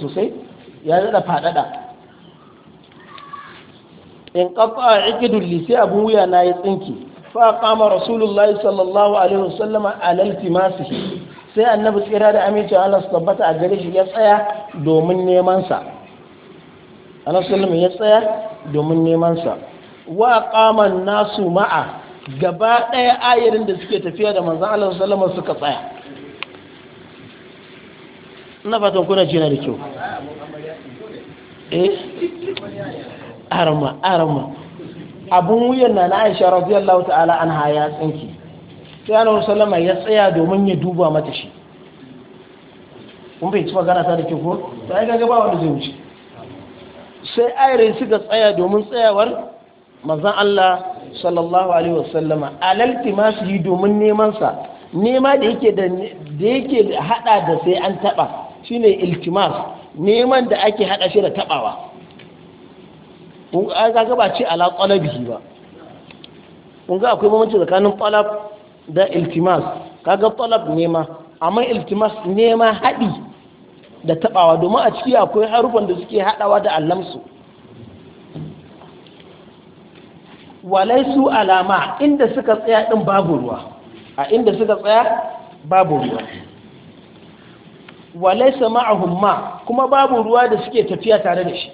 sosai ya zada faɗaɗa in kafa a ikidun lisi abin wuya na yi tsinki fa kama rasulullahi sallallahu alaihi wasallam alal timasihi sai annabi tsira da amincin Allah su tabbata a gare shi ya tsaya domin neman sa Allah sallallahu ya tsaya domin neman sa wa kama nasu ma'a gaba ɗaya ayarin da suke tafiya da manzon Allah sallallahu alaihi wasallam suka tsaya na fatan kuna ce na da kyau eh arma arma abun wuyan na na aisha radiyallahu ta'ala anha ya tsinki sai annabi sallama ya tsaya domin ya duba mata shi kun bai ci magana ta da kyau ko sai ga gaba wanda zai wuce sai ayrin ga tsaya domin tsayawar manzon Allah sallallahu alaihi wasallama alalti ma su yi domin neman sa nema da yake da yake hada da sai an taba shine iltimas neman da ake hada shi da taɓawa, a ga ga ba ce ala talabihi ba kun ga akwai mamanci tsakanin talab da iltimas kaga talab nema amma iltimas nema hadi da tabawa domin a ciki akwai harufan da suke hadawa da allamsu su alama inda suka tsaya din babu ruwa a inda suka tsaya babu ruwa walaisa ma'ahum ma kuma babu ruwa da suke tafiya tare da shi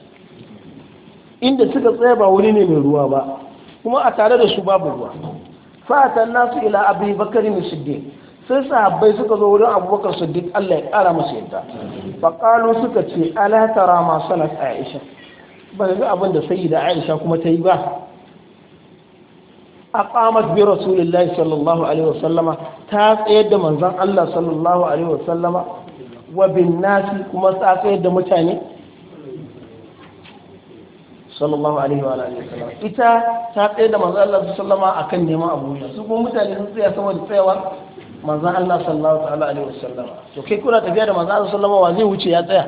inda suka tsaya ba wuri ne mai ruwa ba kuma a tare da su babu ruwa fatan nasu ila abu bakari mai siddiq sai sahabbai suka zo wurin abubakar duk allah ya kara masu yadda faƙalu suka ce alatara masu na aisha ba ga abin da da aisha kuma ta yi ba aqamat bi rasulillahi sallallahu alaihi wasallama ta tsayar da manzan allah sallallahu alaihi wasallama wa bin nasi kuma sa tsayar da mutane sallallahu alaihi wa alihi wasallam ita ta tsaye da manzo Allah sallama akan neman abuja su ko mutane sun tsaya saboda tsayawa manzo Allah sallallahu ta'ala alaihi wasallam to kai kuna tafiya da manzo Allah sallama wa zai wuce ya tsaya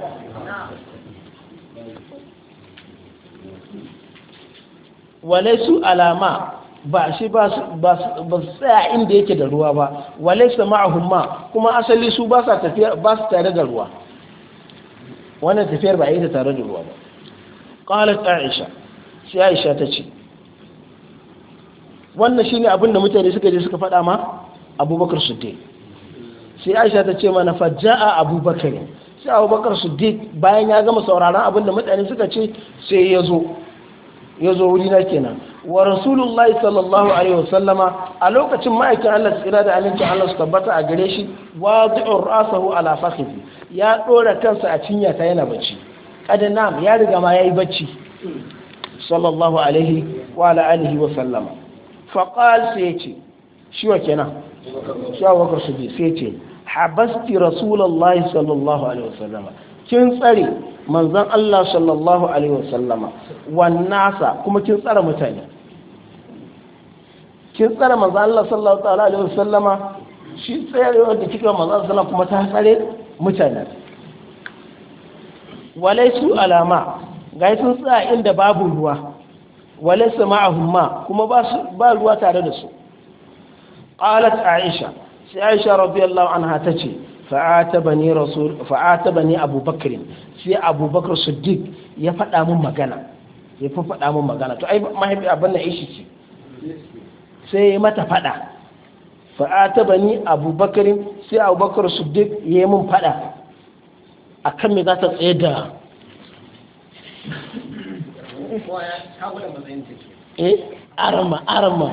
walaisu alama ba shi ba su tsaya inda yake da ruwa ba walaisa ma'ahum ma kuma asali su ba sa tafiya ba su tare da ruwa wannan tafiyar ba ita tare da ruwa ba qalat aisha sai aisha ta ce wannan shine abin da mutane suka je suka faɗa ma abubakar siddiq sai aisha ta ce mana faja'a abubakar sai abubakar siddiq bayan ya gama sauraron abin da mutane suka ce sai ya zo ya zo na kenan wa rasulullahi sallallahu alaihi wasallama a lokacin ma'aikin Allah tsira da amincin Allah su tabbata a gare shi wadi'ur rasahu ala fakhihi ya dora kansa a cinya ta yana bacci kadanam ya riga ma yayi bacci sallallahu alaihi wa ala alihi wa sallama fa qal sai ce shi wa kenan shi wa kar subi sai ce habasti rasulullahi sallallahu alaihi wasallama kin tsare manzon Allah sallallahu alaihi wasallama wan nasa kuma kin tsare mutane kin tsara manzo Allah sallallahu ta'ala alaihi wasallama shi tsayawa da kika manzo sallallahu kuma ta tsare mutane walaysu alama ga sun tsaya inda babu ruwa walaisa ma'ahum ma kuma ba su ba ruwa tare da su qalat aisha sai aisha radiyallahu anha tace fa'atabani rasul fa'atabani abubakar sai abubakar siddiq ya faɗa mun magana ya fa faɗa mun magana to ai mahaifi abin na ishi ce sai ya mata fada fa'ata bani abubakar sai abubakar duk ya yi min fada a kan me za ta tsaye da eh arama arama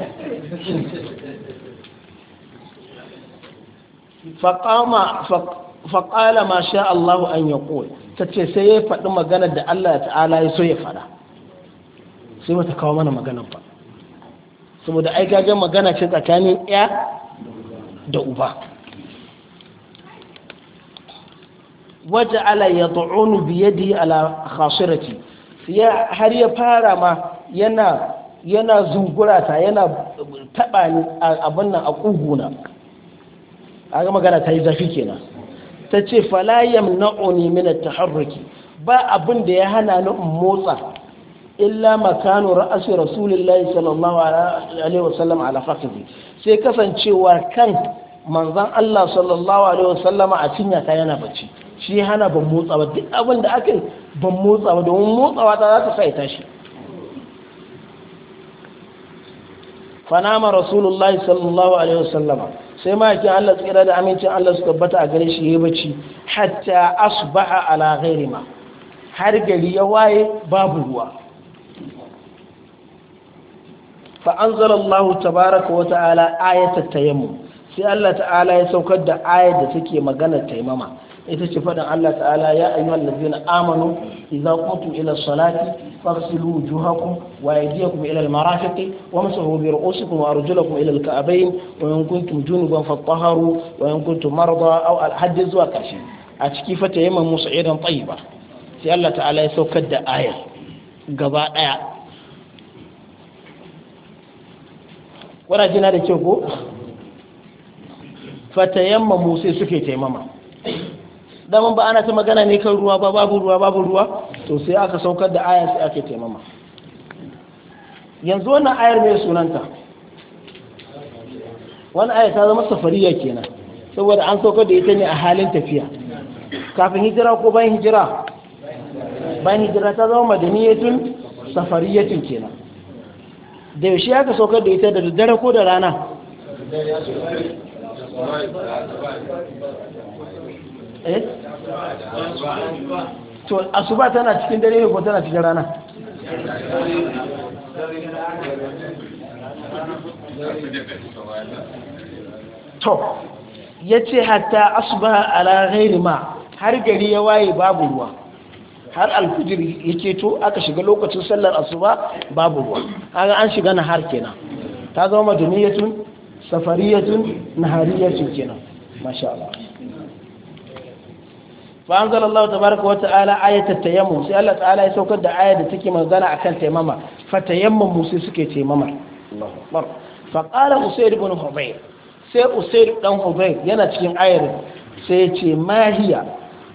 faƙala ma sha Allahu an ya ƙo ta ce sai ya faɗi magana da Allah ta'ala ya so ya faɗa sai mata kawo mana maganan ba saboda ai gagan magana ce tsakanin ya da uba waje ala ya ta'unu biyadi ala khasirati ya har ya fara ma yana yana zungurata yana taba ni abin nan a kuguna aga magana ta yi zafi kenan ta ce falayam na'uni min at-taharruki ba abin da ya hana ni in motsa illa makanu ra'asi rasulullahi sallallahu alaihi wasallam ala fakhdi sai kasancewa kan manzon Allah sallallahu alaihi wasallama a cinya ka yana bacci shi hana ban motsa ba duk abin da aka ban motsa ba domin motsawa ta za ta sa ita shi fanama rasulullahi sallallahu alaihi wasallama sai ma yake Allah tsira da amincin Allah su tabbata a gare shi yayi bacci hatta asbaha ala ghairi ma har gari ya waye babu ruwa fa Allah tabaraka wa ta'ala ayatat tayammum sai Allah ta'ala ya saukar da ayar da take magana taimama ita ce faɗin Allah ta'ala ya ayyuhal ladzina amanu iza qumtum ila salati faghsilu Juhaku, wa aydiyakum ila al-marafiq wamsahu bi ru'usikum wa arjulakum ila al wa in kuntum junuban fatahharu wa in kuntum marda aw al-hajj zuwa kashi a ciki fa tayammum musa'idan tayyiba sai Allah ta'ala ya saukar da aya gaba daya wana jina da kyau ko yamma musa suke taimama daman ba ana ta magana ne kan ruwa ba babu ruwa babu ruwa to sai aka saukar da aya sai ake taimama yanzu wannan ayar mai sunanta Wani ayar ta zama safariya kenan saboda an saukar da ita ne a halin tafiya kafin hijira ko bayan hijira bayan hijira ta zama madaniyatun safariyatun kenan da yaushe aka saukar da ita da daddare ko da rana eh? to asuba tana cikin dare ne ko tana cikin rana to ya ce hatta asuba ala ghairi ma har gari ya waye babu ruwa har alfijir ya keto aka shiga lokacin sallar asuba babu ruwa kaga an shiga na har kenan ta zama madaniyatun safariyatun nahariyatun kenan masha Allah fa anzala Allah tabaaraka wa ta'ala ayatat tayammum sai Allah ta'ala ya saukar da aya da take magana akan tayammama fa tayammum sai suke tayammama Allahu akbar fa qala usayd ibn hubayr sai usayd dan hubayr yana cikin ayar sai ya ce mahiya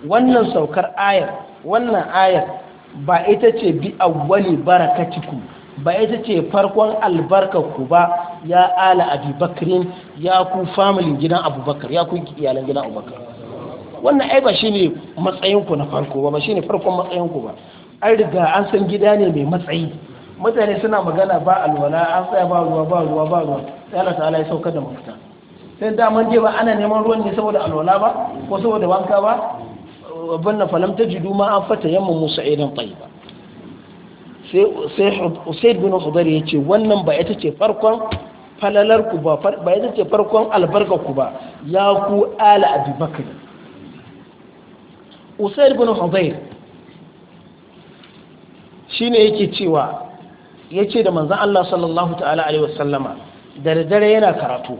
wannan saukar ayar wannan ayar ba ita ce bi awwali barakaciku ba ita ce farkon albarkarku ba ya ala abubakarin ya ku familin gidan abubakar ya ku iyalan gidan abubakar wannan ai ba ne matsayinku na farko ba ba ne farkon matsayinku ba an riga an san gida ne mai matsayi mutane suna magana ba alwala an tsaya ba ruwa ba ruwa ba ruwa ya lasa ala ya sauka da mafita sai da man je ba ana neman ruwan ne saboda alwala ba ko saboda wanka ba abin na falam tajidu ma an fata yamma musa idan tayyiba sai sai usaid bin hudar yace wannan ba ita ce farkon falalar ku ba ba ita ce farkon albarka ku ba ya ku ala abubakar usaid bin shi shine yake cewa yace da manzon Allah sallallahu ta'ala alaihi wasallama dare dare yana karatu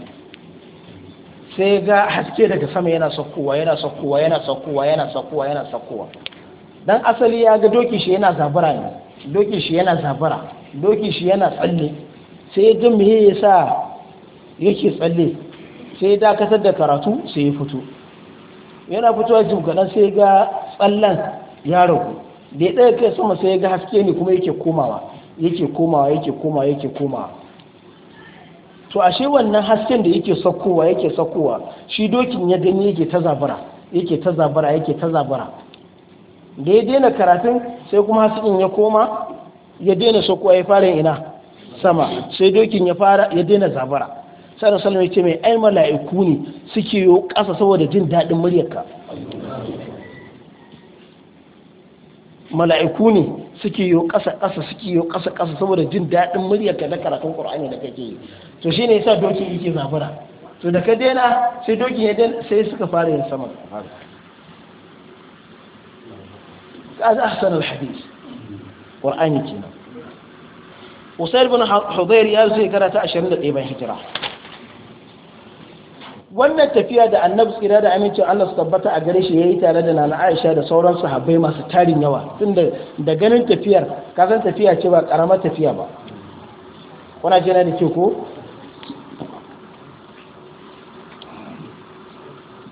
sai ga haske daga sama yana sakkowa yana sakkowa yana sakkowa yana sakkowa yana sakkowa dan asali ya ga doki shi yana zabara ne doki shi yana zabara doki shi yana tsalle sai ga me yasa yake tsalle sai dakatar da karatu sai ya fito yana fitowa jimkaɗan sai ga tsallan ya ragu da ya ɗaya kai sama sai ga haske ne kuma yake komawa yake komawa yake komawa yake komawa to ashe wannan hasken da yake sakowa yake sakowa shi dokin ya gani yake ta zabara yake ta zabara yake ta zabara da ya daina karatun sai kuma hasken ya koma ya daina sakowa ya fara ina sama sai dokin ya fara ya daina zabara sai sallallahu ya ce mai ai mala'iku ne suke yi kasa saboda jin daɗin muryarka mala'iku ne suke yi ƙasa ƙasa suke yi ƙasa ƙasa saboda jin daɗin muryarka na karatun ƙur'ani da kake yi to shine yasa dokin yake zabura to da ka daina sai dokin ya daina sai suka fara yin sama kaza ahsan alhadis ƙur'ani kenan usaid bin hudayr ya zo shekara ta 21 bayan hijira wannan tafiya da annabi tsira da amincin Allah su tabbata a gare shi yayi tare da nana Aisha da sauran sahabbai masu tarin yawa tun da ganin tafiyar ka san tafiya ce ba karamar tafiya ba kuna jira da ke ko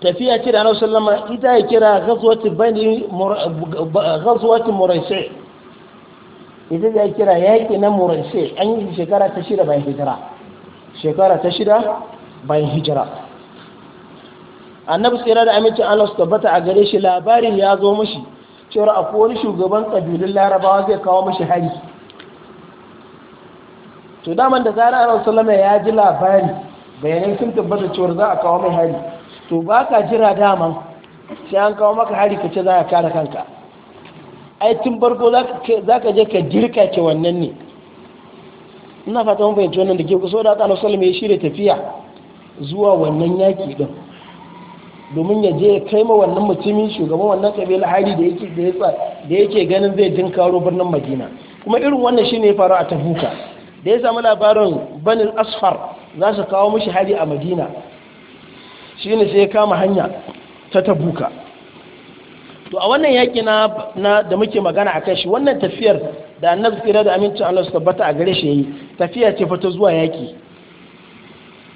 tafiya ce da annabi sallama ita ya kira ghazwatu bani ghazwatu muraisi ita ya kira yaki na muraisi an yi shekara ta bayan hijira shekara ta shida bayan hijira annabi sai da amincin Allah su tabbata a gare shi labarin ya zo mashi cewa akwai wani shugaban kabilun larabawa zai kawo mashi hari to daman da zara ana sallama ya ji labari bayanan sun tabbata cewa za a kawo mai hari to ba ka jira daman sai an kawo maka hari ka ce za a kare kanka ai tun farko za ka je ka jirka ke wannan ne ina fata mun fahimci wannan da ke kusa da aka nasu sallama ya shirya tafiya zuwa wannan yaki din domin ya je ya kai ma wannan mutumin shugaban wannan kabila hari da yake da yasa da yake ganin zai dinkaro birnin Madina kuma irin wannan shine ya faru a Tabuka da ya samu labarin banin Asfar za su kawo mishi hari a Madina shine sai ya kama hanya ta Tabuka to a wannan yaki na da muke magana akan shi wannan tafiyar da Annabi tsira da aminci Allah su tabbata a gare shi yayi tafiya ce fa ta zuwa yaki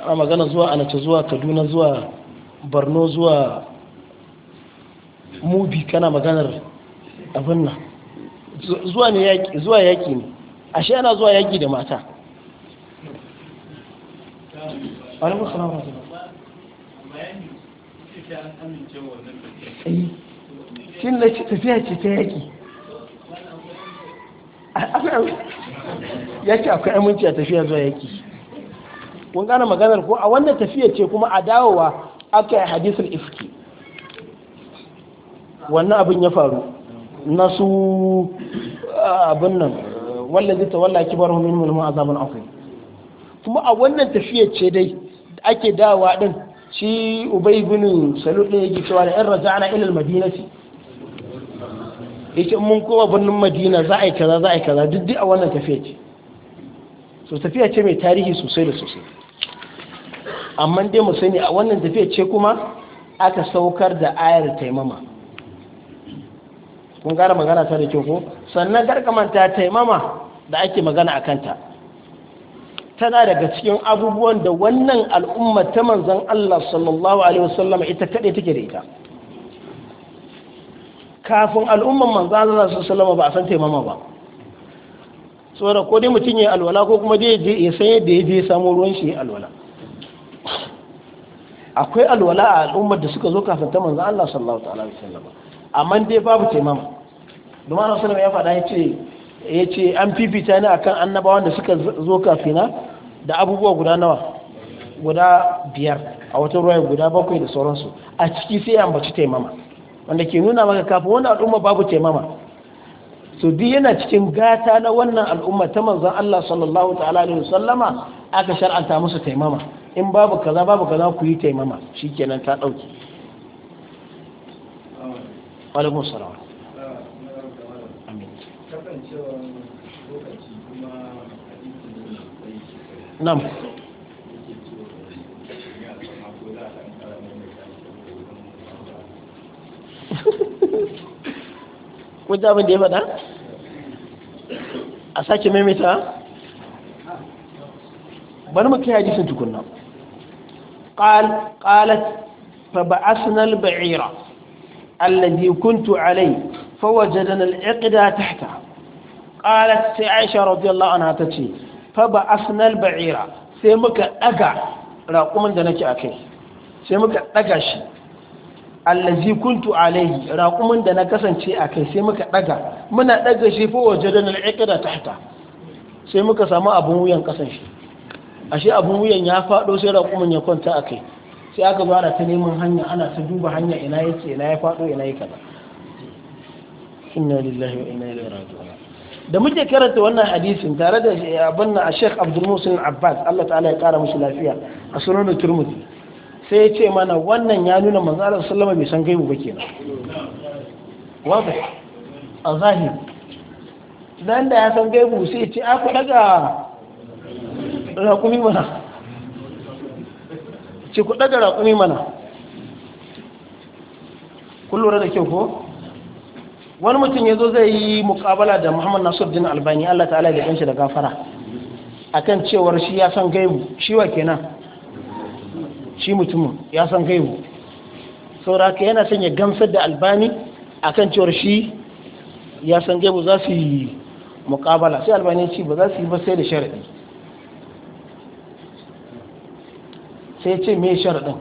ana magana zuwa ana ta zuwa Kaduna zuwa Barno zuwa mubi kana maganar abin nan zuwa ne yaƙi zuwa yaƙi ne ashe ana zuwa yaƙi da mata eh, shin na tafiya ce ta yaƙi ya ce akwai aminci a tafiya zuwa yaƙi kun gane maganar ko a wannan tafiya ce kuma a dawowa aka yi hadisun ifki wannan abin ya faru na su abin nan zai ta walla kibar min a azabun akwai kuma a wannan tafiyar ce dai da ake dawa din shi ubai gini salud yake cewa da raja ana ilil madina ce yake mun kowa birnin madina za a yi kaza za a yi kaza duk a wannan tafiya ce so tafiya ce mai tarihi sosai da sosai amma dai mu sani a wannan tafiya ce kuma aka saukar da ayar taimama kun gara magana ta da ke ko sannan garkamanta taimama da ake magana a kanta tana daga cikin abubuwan da wannan al'umma ta manzan Allah sallallahu alaihi Wasallama ita kaɗai take da ita kafin al'umman manzan Allah sallallahu ba a san taimama ba tsoron ko dai mutum ya alwala ko kuma dai ya san yadda ya je samu ruwan shi alwala akwai alwala a al'ummar da suka zo kafin ta manzan Allah sallallahu ta'ala wa sallama amma dai babu taimama domin Allah sallama ya faɗa ya ce an fifita ni akan annabawan da suka zo kafina da abubuwa guda nawa guda biyar a wata ruwa guda bakwai da sauransu a ciki sai an baci taimama wanda ke nuna maka kafin wannan al'umma babu taimama so duk yana cikin gata na wannan al'umma ta manzon Allah sallallahu ta'ala wa Sallama aka shar'anta musu taimama in babu kaza babu kaza ku yi taimama shikenan ta dauke alaikum salam amin kun jami da ya faɗa a sake maimaita bari mu kai hadisin tukunna قال قالت فبعثنا البعير الذي كنت عليه فوجدنا العقد تحتها قالت عائشة رضي الله عنها تتي فبعثنا البعير سيمك أقع راقما دنك أكي سيمك أقع شي allazi kuntu alaihi raƙumin da na kasance a kai sai muka ɗaga muna ɗaga shi fa waje da nal'iƙira tahta sai muka samu abin wuyan ƙasan shi ashe abin wuyan ya faɗo sai raƙumin ya kwanta a kai sai aka bada ta neman hanya ana ta duba hanya ina ya ce ina ya faɗo ina ya kaza inna lillahi wa inna ilaihi raji'un da muke karanta wannan hadisin tare da abin na Sheikh Abdul Musin Abbas Allah ta'ala ya kara mishi lafiya a sunan Tirmidhi sai ya ce mana wannan ya nuna manzo Allah sallama bai san gaibu ba kenan wato a zahiri dan da ya san gaibu sai ya ce a ku daga raƙumi mana ce ku ɗaga raƙumi mana kullura da kyau ko wani mutum ya zo zai yi mukabala da muhammad din albani allah ta'ala da ƙanshi da gafara akan cewar shi ya san gaibu shi wa kenan shi mutumin ya san gaibu ka yana son ya gamsar da albani akan cewar shi ya san gaibu za su yi mukabala sai albani ci ba za su yi ba sai da sharaɗi sai ce me sharadin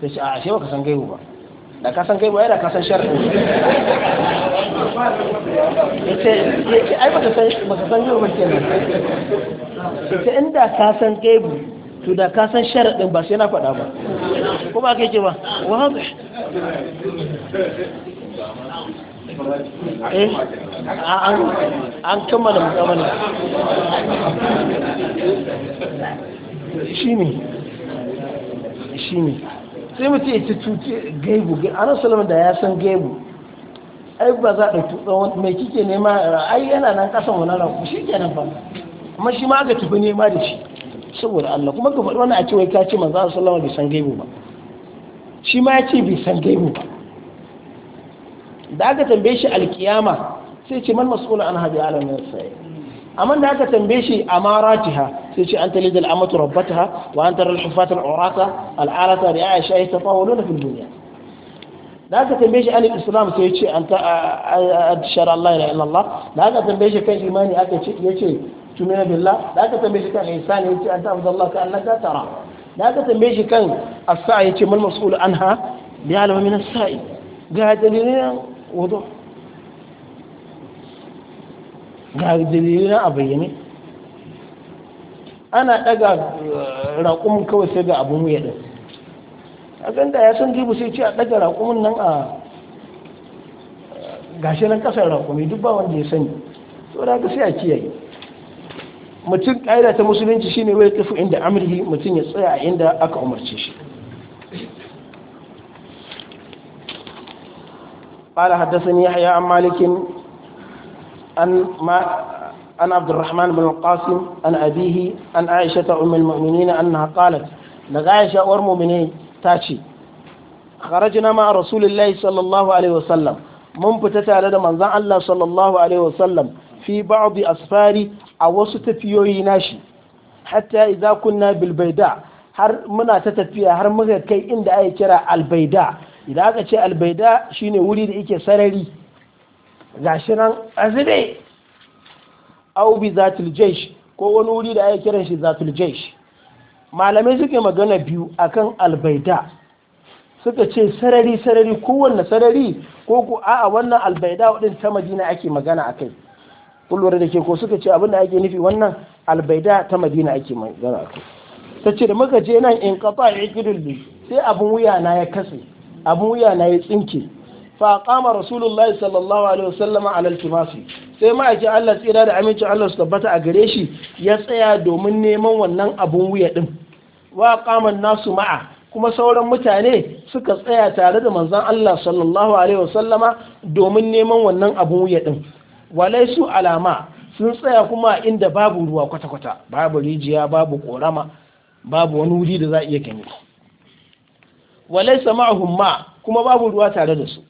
sai ce a ashe baka san gaibu ba da ka san gaibu yana da ka san sharadin yace yace ai baka san gaibu ba nan yace inda ka san gaibu to da ka san sharadin ba sai na faɗa ba ko ba ke ce ba wa eh an da mutamani shi ne shi ne sai mutu ya ci cuci gaibu anan salama da ya san gaibu ai ba za a ɗauki tsawon mai kike nema ai yana nan ƙasan wani rafu shi ke nan ba amma shi ma aka tafi nema da shi saboda Allah kuma ka faɗi wani a ce wai ka ce manzo a salama bai san gaibu ba shi ma ya ce bai san gaibu ba da aka tambaye shi alkiyama sai ce man mas'ula an haɗe alamun sai amma da aka tambaye shi amaratiha تيجي أنت لدى الامه ربتها وأنت للحفاة العراقة العالة رعاية شيء تطولون في الدنيا لا تنبيش أن الإسلام سيجي أنت أدشار الله إلا الله لا تنبيش كان إيماني أكي شيء تمنى بالله لا تنبيش كان إنسان يجي أنت أفضل الله كأنك ترى لا تنبيش كان السعي يجي من المسؤول عنها بيعلم من السعي قاعد دليلنا وضوح قاعد دليلنا أبيني ana daga eh, raƙumin kawai sai ga abin wuya din a ganda ya san jibu sai ce a daga raƙumin nan a eh, gashi nan ƙasar raƙumi duk ba wanda ya sani to da sai a kiyaye mutum ƙa'ida ta musulunci shine wai tafi inda amrihi mutum ya tsaya a inda aka umarce shi قال حدثني يحيى عن مالك عن ما عن عبد الرحمن بن القاسم عن أبيه عن عائشة أم المؤمنين أنها قالت لغاية والمؤمنين تاتي خرجنا مع رسول الله صلى الله عليه وسلم من فتتا لدى من ذا الله صلى الله عليه وسلم في بعض أسفاري أو ستفيوي ناشي حتى إذا كنا بالبيداء har muna ta tafiya har muka kai inda ake kira albaida idan aka ce albaida shine wuri da yake sarari gashi nan azube au bi zatul jaish ko wani wuri da ake kiran shi zatul jaish malamai suke magana biyu akan albaida suka ce sarari sarari kowanne sarari ko ku a'a wannan albaida wadin ta madina ake magana akai kullum da ke ko suka ce abin da ake nufi wannan albaida ta madina ake magana akai ta ce da muka je nan in kafa ya kidulli sai abin wuya na ya kasa, abin wuya na ya tsinke fa qama rasulullahi sallallahu alaihi wasallama al kimasi sai ma'aikin Allah tsira da amincin Allah su tabbata a gare shi ya tsaya domin neman wannan abun wuya din wa qaman nasu ma'a kuma sauran mutane suka tsaya tare da manzon Allah sallallahu alaihi wasallama domin neman wannan abun wuya din walaisu alama sun tsaya kuma inda babu ruwa kwata-kwata babu rijiya babu korama babu wani wuri da za a iya gani walaisa ma'ahum ma kuma babu ruwa tare da su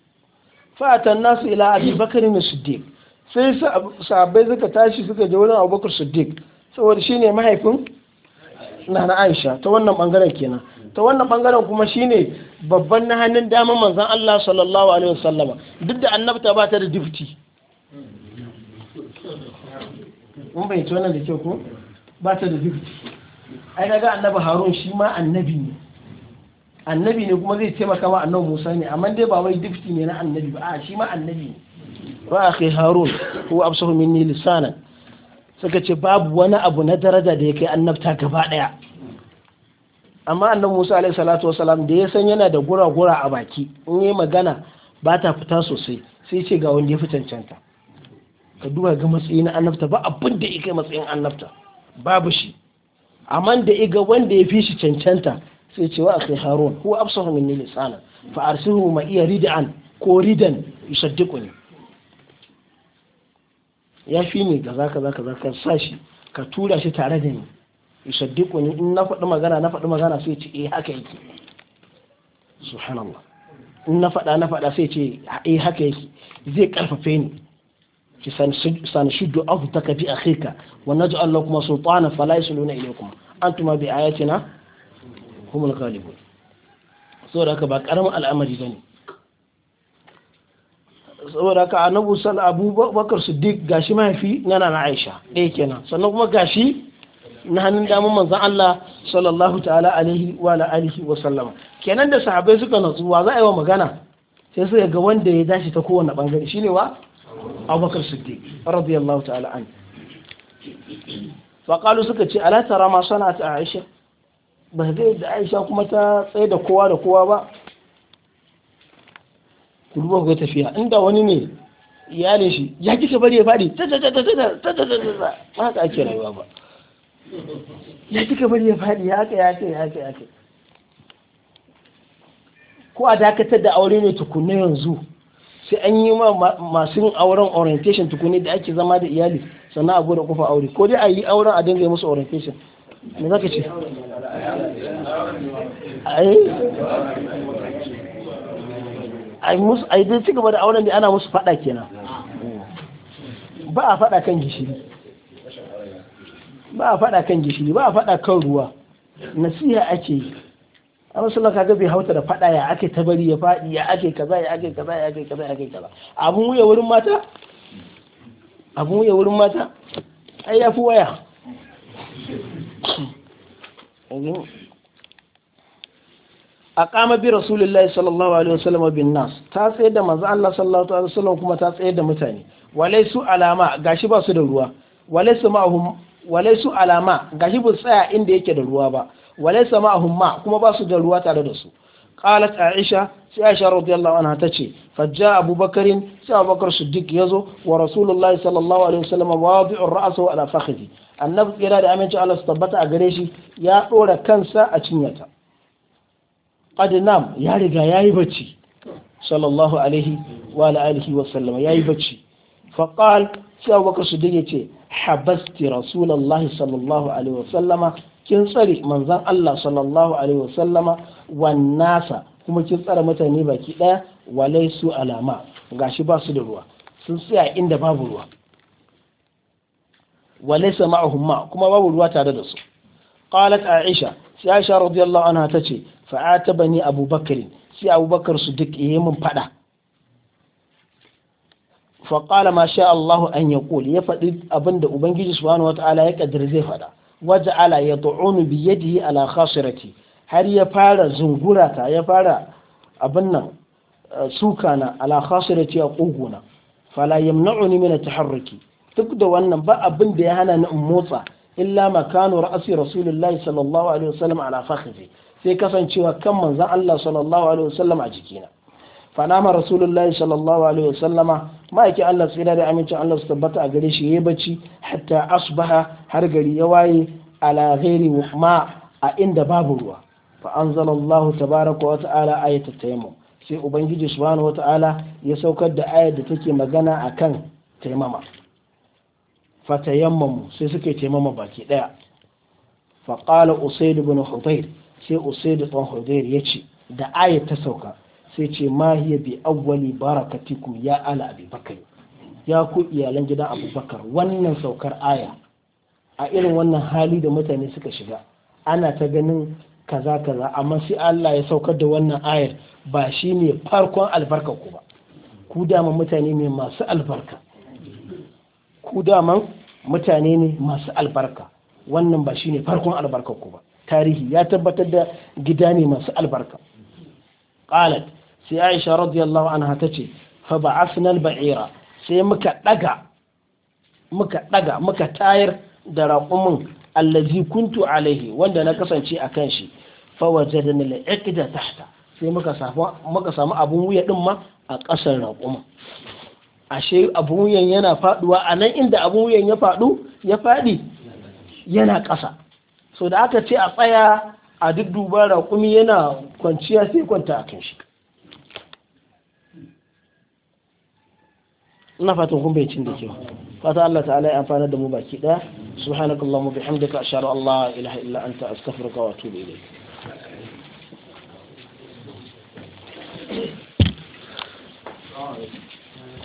fatan nasu ila abubakar na siddiq sai sahabbai suka tashi suka je wurin abubakar siddiq saboda shine mahaifin nana aisha ta wannan bangaren kenan ta wannan bangaren kuma shine babban na hannun dama manzan Allah sallallahu alaihi wasallama duk da annabta ba ta da difti mun bai ci wannan da kyau ko ba ta da difti ai kaga annabi harun shi ma annabi ne annabi ne kuma zai taimaka wa annabi musa ne amma dai ba wai difti ne na annabi ba a shi ma annabi ne wa akhi harun huwa absahu minni lisana suka ce babu wani abu na daraja da ya kai annabta gaba daya amma annabi Musa alaihi salatu wasalam da ya san yana da gura-gura a baki in yi magana ba ta fita sosai sai ce ga wanda ya fi cancanta ka duba ga matsayi na annabta ba abin da ya kai matsayin annabta babu shi amma da iga wanda ya fi shi cancanta sai ce wa akhi harun huwa absahu minni lisana fa arsilhu ma iya ridan ko ridan yusaddiquni ya fi ne kaza kaza kaza ka sa shi ka tura shi tare da ni yusaddiqu ni in na faɗi magana na faɗi magana sai ce eh haka yake subhanallah in na faɗa na faɗa sai ce eh haka yake zai karfafe ni ki san shuddu afdaka bi akhika wa naj'al lakum sultana fala yasluna ilaykum antuma bi ayatina humul ghalibun saboda haka ba karamin al'amari bane saboda ka annabu sal bakar siddiq gashi mahaifi na na aisha ɗaya kenan sannan kuma gashi na hannun dama manzon Allah sallallahu ta'ala alaihi wa alihi wa sallama kenan da sahabbai suka natsu wa za a yi wa magana sai suka ga wanda ya dace ta kowane bangare shine wa abubakar siddiq radiyallahu ta'ala an suka ce ala tara ma sana'at aisha ba zai da aisha kuma ta tsaye da kowa da kowa ba ku duba ku tafiya inda wani ne iyalin shi ya kika bari ya fadi ta ta ta ta ta ta ta ba haka ake rayuwa ba ya kika bari ya fadi ya haka ya haka ya haka ya haka ko a dakatar da aure ne tukunna yanzu sai an yi ma masu auren orientation tukunne da ake zama da iyali sannan a gwada kofa aure ko dai a yi auren a dinga musu orientation me zaka ce A musu dai ci gaba da auren da ana musu fada kenan ba a fada kan gishiri ba a fada kan gishiri ba a fada kan ruwa nasiha ake yi amma sallah kaga bai hauta da fada ya ake tabari ya fadi ya ake kaza ya ake kaza ya ake kaza ya ake kaza abun wuya wurin mata abun wuya wurin mata ai ya fi waya a kama bi rasulullahi sallallahu alaihi wasallam bin nas ta tsaye da manzo Allah sallallahu alaihi wasallam kuma ta tsaye da mutane walaisu alama gashi ba su da ruwa walaisu ma'hum walaisu alama gashi su tsaya inda yake da ruwa ba walaisu ma'hum ma kuma ba su da ruwa tare da su qalat aisha sai aisha radiyallahu anha tace fajja abubakarin sai abubakar siddiq yazo wa rasulullahi sallallahu alaihi wasallam wadi'ur ra'sahu ala fakhidhi annabi kira da aminci Allah su tabbata a gare shi ya dora kansa a cinyata Ƙadinam ya riga yayi bacci sallallahu alaihi wa alihi wa sallama yayi bacci fa qal sai Abubakar Siddiq yace habasti rasulullahi sallallahu alaihi wa sallama kin tsare manzon Allah sallallahu alaihi wa sallama wan nasa kuma kin tsare mutane baki daya walaisu alama gashi ba su da ruwa sun tsaya inda babu ruwa walaisa ma'ahum ma kuma babu ruwa tare da su qalat aisha sai aisha radiyallahu anha ta ce fa'ata bani abubakar sai abubakar su duk yi min fada faƙala ma sha Allahu an ya ya faɗi abin da ubangiji subhanahu wata'ala ya kadir zai faɗa waja ala ya ta'unu bi yadihi ala khasirati har ya fara zungurata ya fara abin nan eh, sukana ala khasirati a kuguna fala yamna'uni min at-taharruki duk da wannan ba abin da ya hana ni in motsa illa makanu ra'asi rasulullahi sallallahu alaihi wasallam ala fakhri sai kasancewa kan manzon Allah sallallahu alaihi wasallam a jikina fanama rasulullahi sallallahu alaihi wasallam ma'aikin Allah tsira da amincin Allah su tabbata a gare shi yayi bacci hatta asbaha har gari ya waye ala ghairi wuhma a inda babu ruwa fa anzalallahu tabaraka wa ta'ala ayatul tayammum sai ubangiji subhanahu wa ta'ala ya saukar da ayar da take magana akan taimama fatayammamu sai suke taimama baki daya faƙala usaid ibn hudayr sai usaid ibn hudayr ya ce da aya ta sauka sai ce ma hiya bi awwali barakatikum ya ala abubakar ya ku iyalan gidan abubakar wannan saukar aya a irin wannan hali da mutane suka shiga ana ta ganin kaza kaza amma sai Allah ya saukar da wannan ayar ba shine farkon albarka ku ba ku dama mutane ne masu albarka ku daman mutane ne masu albarka wannan ba shine farkon albarkar ku ba tarihi ya tabbatar da gida ne masu albarka qalat sai aisha radiyallahu anha tace fa ba'athna al-ba'ira sai muka daga muka daga muka tayar da raƙumin allazi kuntu alaihi wanda na kasance a kan shi fa wajadna al-iqda tahta sai muka samu muka samu abun wuya din ma a ƙasar raƙumin ashe abun wuyan yana faduwa a nan inda abu wuyan ya fadu ya fadi yana ƙasa so da aka ce a tsaya a duk duba raƙumi yana kwanciya sai kwanta a kan shi ina fatan kun bai cin da kyau fata Allah ta'ala ya amfana da mu baki da ka bihamdika asharu Allah ilaha illa anta astaghfiruka wa atubu ilayk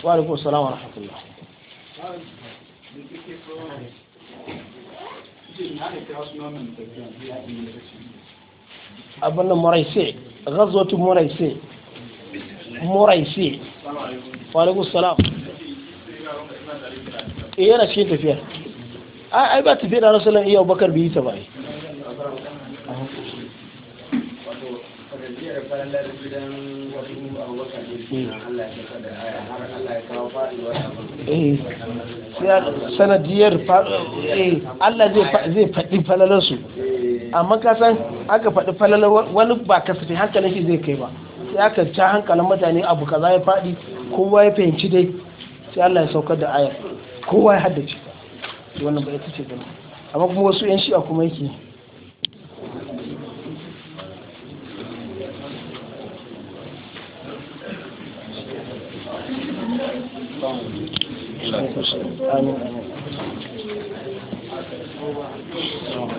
wa alaikum assalam wa rahmatullah abin nan maraisi ghazwatu maraisi maraisi wa alaikum assalam eh yana cikin tafiya A'a ba tafiya da rasulun iya bakar bi ta bai Thank Eh, sanadiyar eh, Allah zai faɗi falalarsu amma kasan aka faɗi falalar wani ba kasafi hankalin shi zai kai ba sai aka ca hankalin mutane abu kaza ya faɗi kowa ya fahimci dai sai Allah ya saukar da ayar kowa ya haddace wannan ba ita ce gani amma kuma wasu 'yan a kuma yake Allah ya